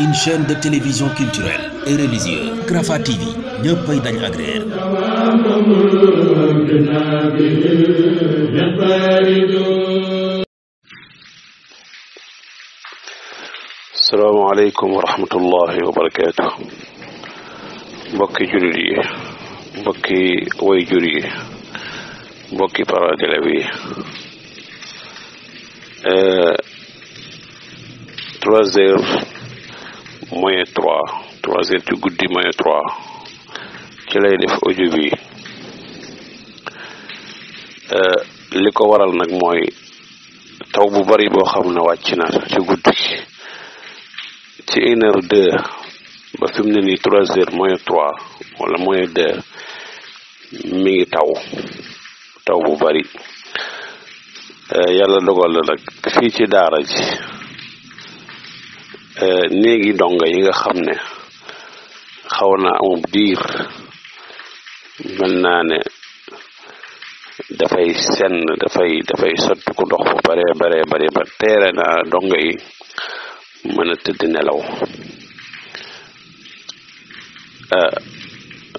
une chaîne de télévision culturelle et religieuse Rafah TV ñëppay dañ agréer salaamaaleykum wa rahmatullahi wa barakaatu mbokki jullit yi mbokki way jur yi mbokki parents d'élèves yi euh, trois heures moins trois trois heures ci guddi moins trois ci lay def audio bi euh, li ko waral nag mooy taw bu bari boo xam ne wàcc na ci guddi ci une heure deux ba fi mu ne nii trois heures moins trois wala moins deux mi ngi taw taw bu bari euh, yàlla dogal na nag fii ci daara ji néegi dongo yi nga xam ne xaw na amub diir mel naa ne dafay senn dafay dafay sotti ku ndox bu bare bare bare ba teere naa dongo yi mën a tëdd nelaw ah,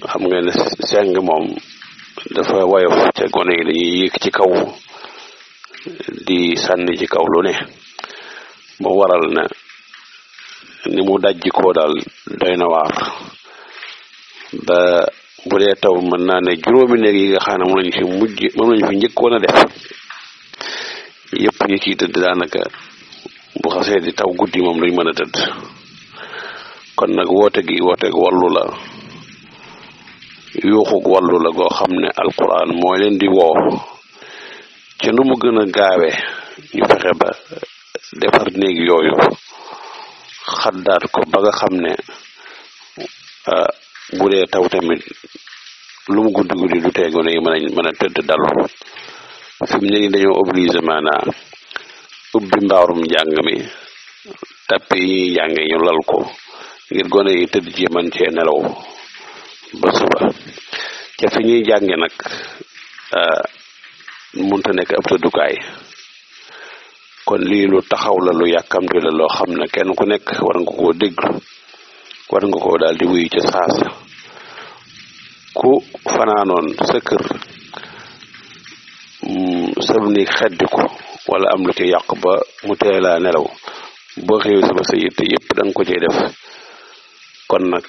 xam nga ne seng moom dafa woyof ca gone yi dañuy yéeg ci kaw di sànni ci kaw lu ne ba waral na ni mu dajji koo daal doy na waar ba bu dee taw mën naa ne juróomi néeg yi nga xam ne moom lañ fi mujj moom lañ fi njëkkoon a def yëpp ñu ciy tëdd daanaka bu xasee di taw guddi moom duñ mën a tëdd kon nag woote gi wooteeg wallu la yuuxug wallu la goo xam ne alquran mooy leen di woo ca nu mu gën a gaawe ñu fexe ba defar néeg yooyu xaddaat ko ba nga xam ne ah, bu dee taw tamit lu mu guddi guddi du teego ne mën a mën a tëdd dalu fi mu ne ni dañoo obligé maanaa ubbi mbaarum njàng mi tappe yi ñuy jànge ñu lal ko ngir gone yi tëdd ci man cee nelaw ba suba ca fi ñuy jànge nag ah, munta nekk ab tëddukaay kon lii lu taxaw la lu yàkkamti la loo xam ne kenn ku nekk war nga koo déglu war nga koo daal di ca saasa ku fanaanoon sa kër mm, sab ni xeddi ko wala am lu ci yàq ba mu laa nelaw boo xëwee suba sa yitte yëpp da nga ko cay def kon nag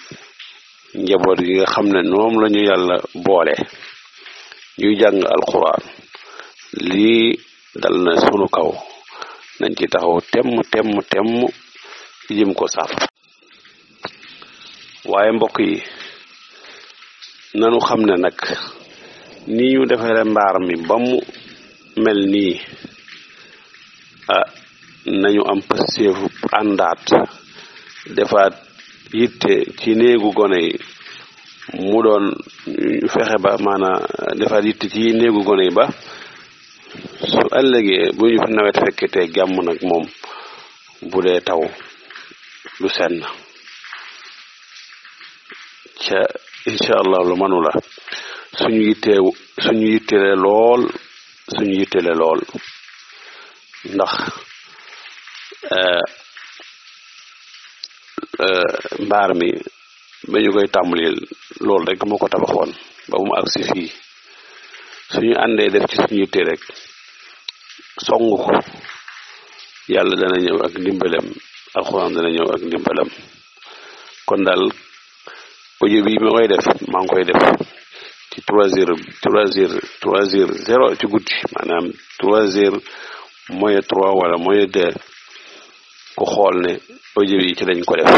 njaboot gi nga xam ne moom lañu yàlla boole ñuy jàng alquran lii dal na sunu kaw nañ ci taxaw tem tem temm ci jëm ko saafara waaye mbokk yi nanu xam ne nag ni ñu defare mbaar mi ba mu mel nii a nañu am pëstéefu àndaat defaat yitte ci néegu gone yi mu doon fexe ba maanaam defaat yitte ci néegu gone yi ba su ëllëgee bu ñu nawet fekkitee jàmm nag moom bu dee taw du senn ca incha allah lu manu la suñu yittee suñu yittele lool suñu yittele lool ndax eh, eh, mbaar mi ba ñu koy tàmbali loolu rek moo ko tabaxoon ba mu agsi fii suñu àndee def ci suñu yitte rek songu ko yàlla dana ñëw ak ndimbalam alxuraan dana ñëw ak ndimbalam kon daal audio bi ma koy def maa ngi koy def ci trois heures trois heures trois heures zéro ci guddi maanaam trois heures moins trois wala moins deux ku xool ne audio bi ci lañ ko def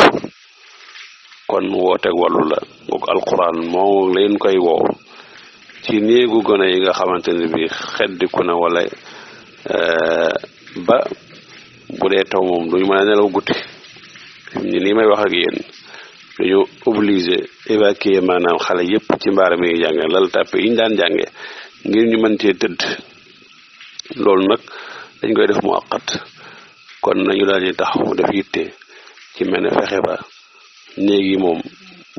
kon wooteeg wàllu la boog alxuraan moo leen koy woo ci néegu gone yi nga xamante ne bi xeddiku na wala Eh, ba bu dee taw moom duñu mën a nelaw guddi ni nii may wax ak yéen dañu obligé évacuer maanaam xale yépp ci mbaara mi ngi jànge yi ñu daan jànge ngir ñu mën cee tëdd loolu nag dañ koy def mu àqat kon nañu daal di tax mu def yitte ci mel ne fexe ba néegi moom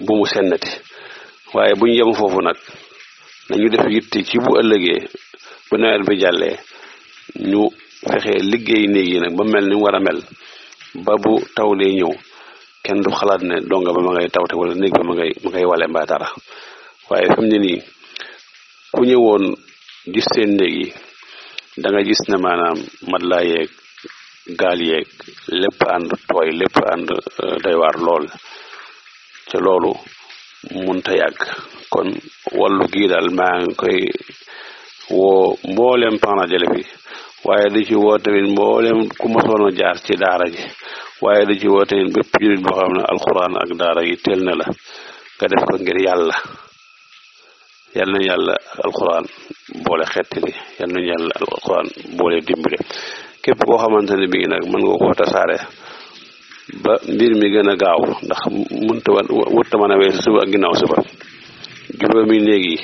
bu mu sennati waaye bu ñu yem foofu nag nañu def yitte ci bu ëllëgee bu nawet bi jàllee ñu fexe liggéey néeg yi nag ba mel ni mu war a mel ba bu taw lay ñëw kenn du xalaat ne donga ba ma ngay tawte wala néeg ba ma ngay ma ngay wale mbaa dara waaye fi mu nii ku ñëwoon gis seen néeg yi da gis ne maanaam mat laa yeeg gaal yeeg lépp ànd tooy lépp ànd euh, day lool te loolu munta yàgg kon wàllu gii daal maa ngi koy woo mbooleem Pana Jële waaye di ci woo tamit mbooleem ku mosoon jaar ci daara ji waaye di ci woo tamit bépp jurit boo xam ne alxuraan ak daara yi teel na la nga def ko ngir yàlla yal nañu yàlla alxuraan boole xettali yal nañu yàlla alxuraan boole dimbale képp koo xamante ne bii nag mën nga koo tasaare ba mbir mi gën a gaaw ndax mënta wutta mën a weesu suba ak ginnaaw suba juróomi néeg yi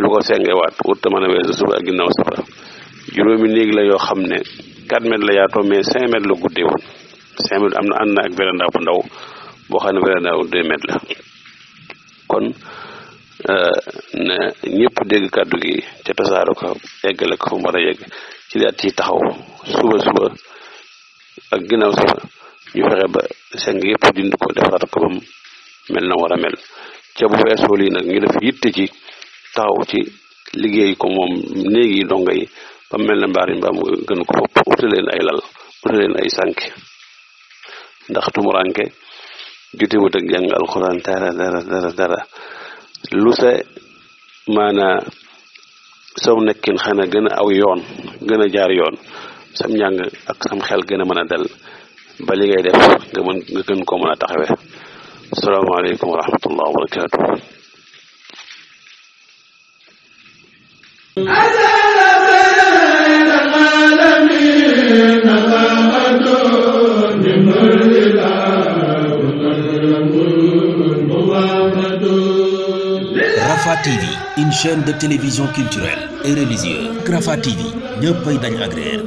lu ko sengewaat wut mën a weesu suba ak ginnaaw safara juróomi néeg la yoo xam ne 4 mètres la yaatoo mais 5 mètres la guddee woon 5 mètres boo xam ne véranda bu 2 la kon euh, na ñëpp dégg kàddu gi ca tasaaru ko eggale ko fa mu war a yegg ci daat ci taxaw suba suba ak ginnaaw suba ñu fexe ba seng yëpp dind ko defaraat ko mel na war a mel ca bu weesoo lii nag ñu def yitte ci waaw ci liggéey ko moom néeg yi dongo yi ba mel ne mbaari mbaam gën ko fopp uta leen ay lal uta leen ay sànke ndax tumuranke jotewut ak jàng alxuraan dara dara dara dara lu sa maana saw nekkin xana gën a aw yoon gën a jaar yoon sam njàng ak sam xel gën a mën a dal ba li ngay def nga mën gën koo mën a taxawe asalaamaaleykum wa rahmatullah wa Rafah TV une de télévision culturelle et religieuse Rafah TV ñëppay dañ agréer